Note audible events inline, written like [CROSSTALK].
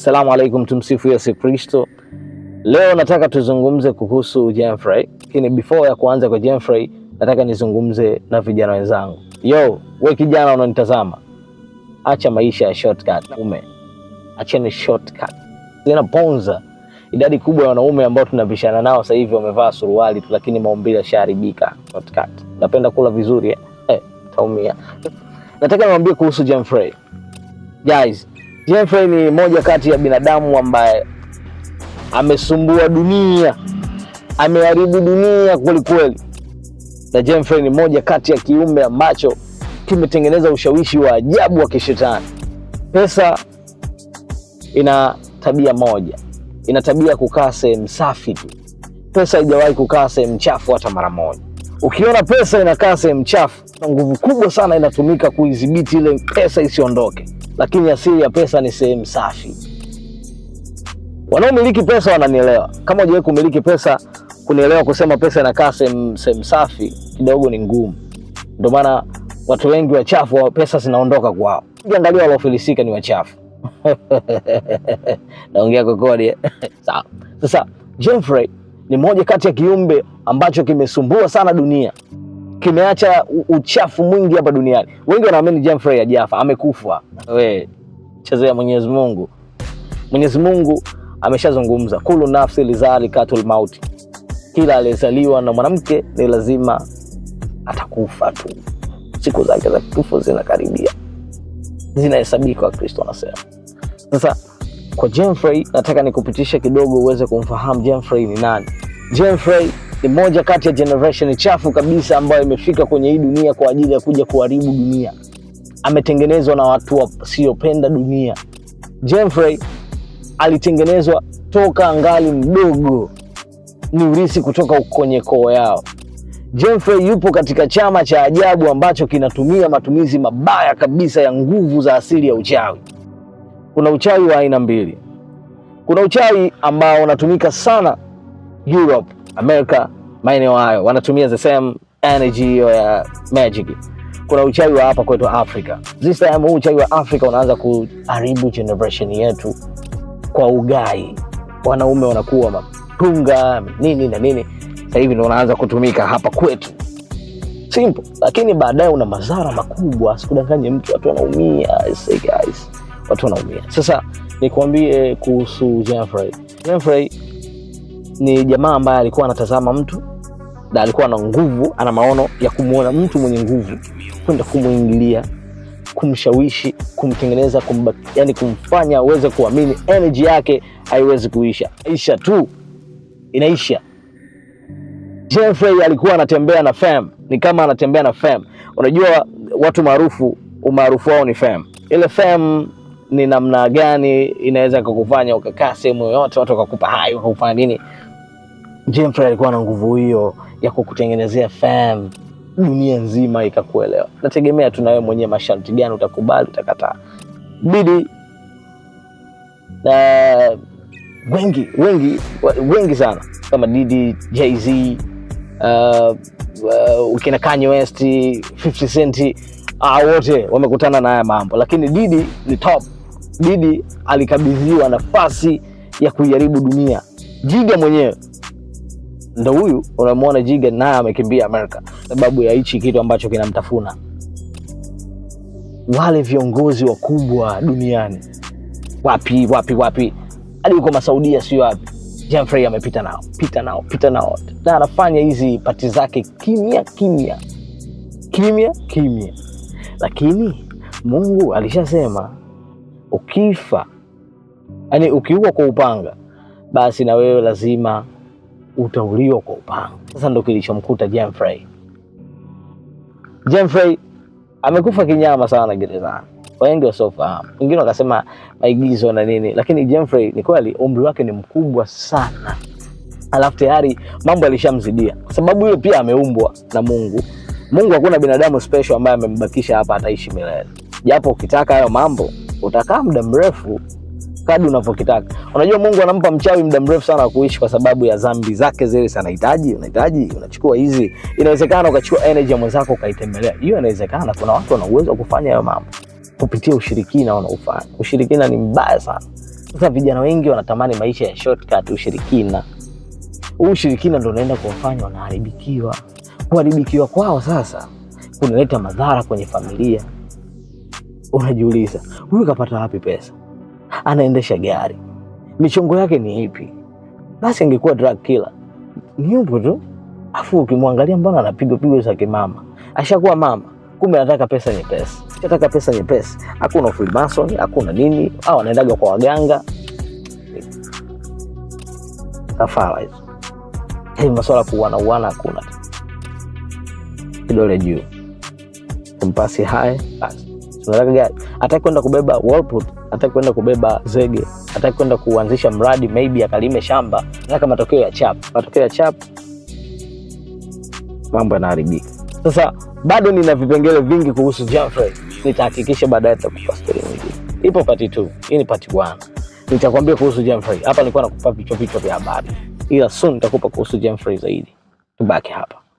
Salamu alaikum, tumsifu Yesu Kristo. Leo nataka tuzungumze kuhusu Jeffrey, lakini before ya kuanza kwa Jeffrey, nataka nizungumze na vijana wenzangu. Yo, we kijana unanitazama, acha maisha ya shortcut. Ume acheni shortcut, zinaponza idadi kubwa ya wanaume ambao tunapishana nao sasa hivi wamevaa suruali tu, lakini maumbile yashaharibika. Shortcut, napenda kula vizuri eh, taumia. [LAUGHS] Nataka niwaambie kuhusu Jeffrey. Guys, Jeffrey ni moja kati ya binadamu ambaye amesumbua dunia, ameharibu dunia kwelikweli, na Jeffrey ni moja kati ya kiumbe ambacho kimetengeneza ushawishi wa ajabu wa kishetani. Pesa ina tabia moja, ina tabia kukaa sehemu safi tu. Pesa haijawahi kukaa sehemu chafu hata mara moja. Ukiona pesa inakaa sehemu chafu, nguvu kubwa sana inatumika kuidhibiti ile pesa isiondoke lakini asili ya pesa ni sehemu safi. Wanaomiliki pesa wananielewa. Kama hujawahi kumiliki pesa, kunielewa kusema pesa inakaa sehemu safi kidogo ni ngumu. Ndio maana watu wengi wachafu wa pesa zinaondoka kwao. Ukiangalia waliofilisika ni wachafu. [LAUGHS] Naongea kodi. [LAUGHS] Sawa. Sasa Jeffrey ni moja kati ya kiumbe ambacho kimesumbua sana dunia kimeacha uchafu mwingi hapa duniani. Wengi wanaamini Humphrey hajafa, amekufa. We chezea Mwenyezi Mungu. Mwenyezi Mungu ameshazungumza, kulu nafsi lidhalikatul mauti, kila aliyezaliwa na mwanamke ni lazima atakufa tu, siku zake za kifo zinakaribia, zinahesabika. Wakristo wanasema sasa kwa Humphrey nataka nikupitisha kidogo uweze kumfahamu Humphrey ni nani. Humphrey ni moja kati ya generation chafu kabisa ambayo imefika kwenye hii dunia kwa ajili ya kuja kuharibu dunia. Ametengenezwa na watu wasiopenda dunia. Jeffrey alitengenezwa toka angali mdogo, ni urisi kutoka kwenye koo yao. Jeffrey yupo katika chama cha ajabu ambacho kinatumia matumizi mabaya kabisa ya nguvu za asili ya uchawi. Kuna uchawi wa aina mbili. Kuna uchawi ambao unatumika sana Europe America, maeneo hayo wanatumia the same energy hiyo ya magic. Kuna uchawi wa hapa kwetu Afrika. This time huu uchawi wa Afrika unaanza kuharibu generation yetu kwa ugai. Wanaume wanakuwa mapunga nini na nini, sasa hivi ndio unaanza kutumika hapa kwetu simple, lakini baadaye una madhara makubwa. Sikudanganye mtu, watu wanaumia. Guys, Watu wanaumia. Sasa nikwambie kuhusu Jeffrey. Jeffrey ni jamaa ambaye alikuwa anatazama mtu na alikuwa na nguvu, ana maono ya kumwona mtu mwenye nguvu kwenda kumwingilia, kumshawishi, kumtengeneza, yani kumfanya aweze kuamini energy yake haiwezi kuisha, isha tu inaisha. Jeffrey alikuwa anatembea na fam, ni kama anatembea na fam. Unajua watu maarufu, umaarufu wao ni fam. Ile fam ni namna gani inaweza kukufanya ukakaa sehemu yoyote, watu wakakupa hai, wakakufanya nini James alikuwa na nguvu hiyo ya kukutengenezea fam dunia nzima ikakuelewa. Nategemea tu na wewe mwenyewe masharti gani utakubali, utakataa. Bidi na wengi wengi wengi sana kama Didi, Jay-Z, uh, uh, ukina Kanye West, 50 Cent uh, wote wamekutana na haya mambo, lakini Didi ni top. Didi alikabidhiwa nafasi ya kuijaribu dunia. Jiga mwenyewe ndo huyu unamwona Jigan naye amekimbia Amerika sababu ya hichi kitu ambacho kinamtafuna. Wale viongozi wakubwa duniani wapi wapi wapi, hadi huko Masaudia sio wapi, Jeffrey amepita nao pita nao pita nao, na anafanya hizi pati zake kimya kimya kimya kimya, lakini Mungu alishasema ukifa, yani ukiua kwa upanga, basi na wewe lazima utauliwa kwa upanga. Sasa ndo kilichomkuta Jeffrey. Jeffrey amekufa kinyama sana gerezani, wengi wasiofahamu, wengine wakasema maigizo na nini, lakini Jeffrey ni kweli umri wake ni mkubwa sana, alafu tayari mambo alishamzidia, kwa sababu hiyo pia ameumbwa na Mungu. Mungu, hakuna binadamu special ambaye amembakisha hapa ataishi milele, japo ukitaka hayo mambo utakaa muda mrefu kadi unavyokitaka. Unajua Mungu anampa mchawi muda mrefu sana wa kuishi kwa sababu ya dhambi zake zile. Sana unahitaji unahitaji, unachukua hizi. Inawezekana ukachukua energy ya mwenzako ukaitembelea, hiyo inawezekana. Kuna watu wana uwezo wa kufanya hayo mambo kupitia ushirikina wanaofanya. Ushirikina ni mbaya sana. Sasa vijana wengi wanatamani maisha ya shortcut, ushirikina huu ushirikina ndo unaenda kuwafanya wanaharibikiwa. Kuharibikiwa kwao sasa kunaleta madhara kwenye familia. Unajiuliza, huyu kapata wapi pesa? anaendesha gari, michongo yake ni ipi? Basi angekuwa drug killer, ni yupo tu. Afu ukimwangalia mbona anapigwa pigo za kimama, ashakuwa mama, kumbe anataka pesa pesa, anataka pesa nyepesi. Hakuna freemason, hakuna nini, au anaendaga kwa waganga kafara hizo. Hii masuala kuuana uana hakuna, kidole juu, mpasi hai basi tunataka gari, hataki kwenda kubeba wallboard, hataki kwenda kubeba zege, hataki kwenda kuanzisha mradi maybe akalime shamba, nataka matokeo ya chap. Matokeo ya chap, mambo yanaharibika. Sasa bado nina vipengele vingi kuhusu Humphrey, nitahakikisha baadaye nitakupa stori nyingine. Ipo pati tu, hii ni pati wana, nitakwambia kuhusu Humphrey. Hapa nilikuwa nakupa vichwa vichwa vya habari, ila soon nitakupa kuhusu Humphrey zaidi. Tubaki hapa.